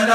na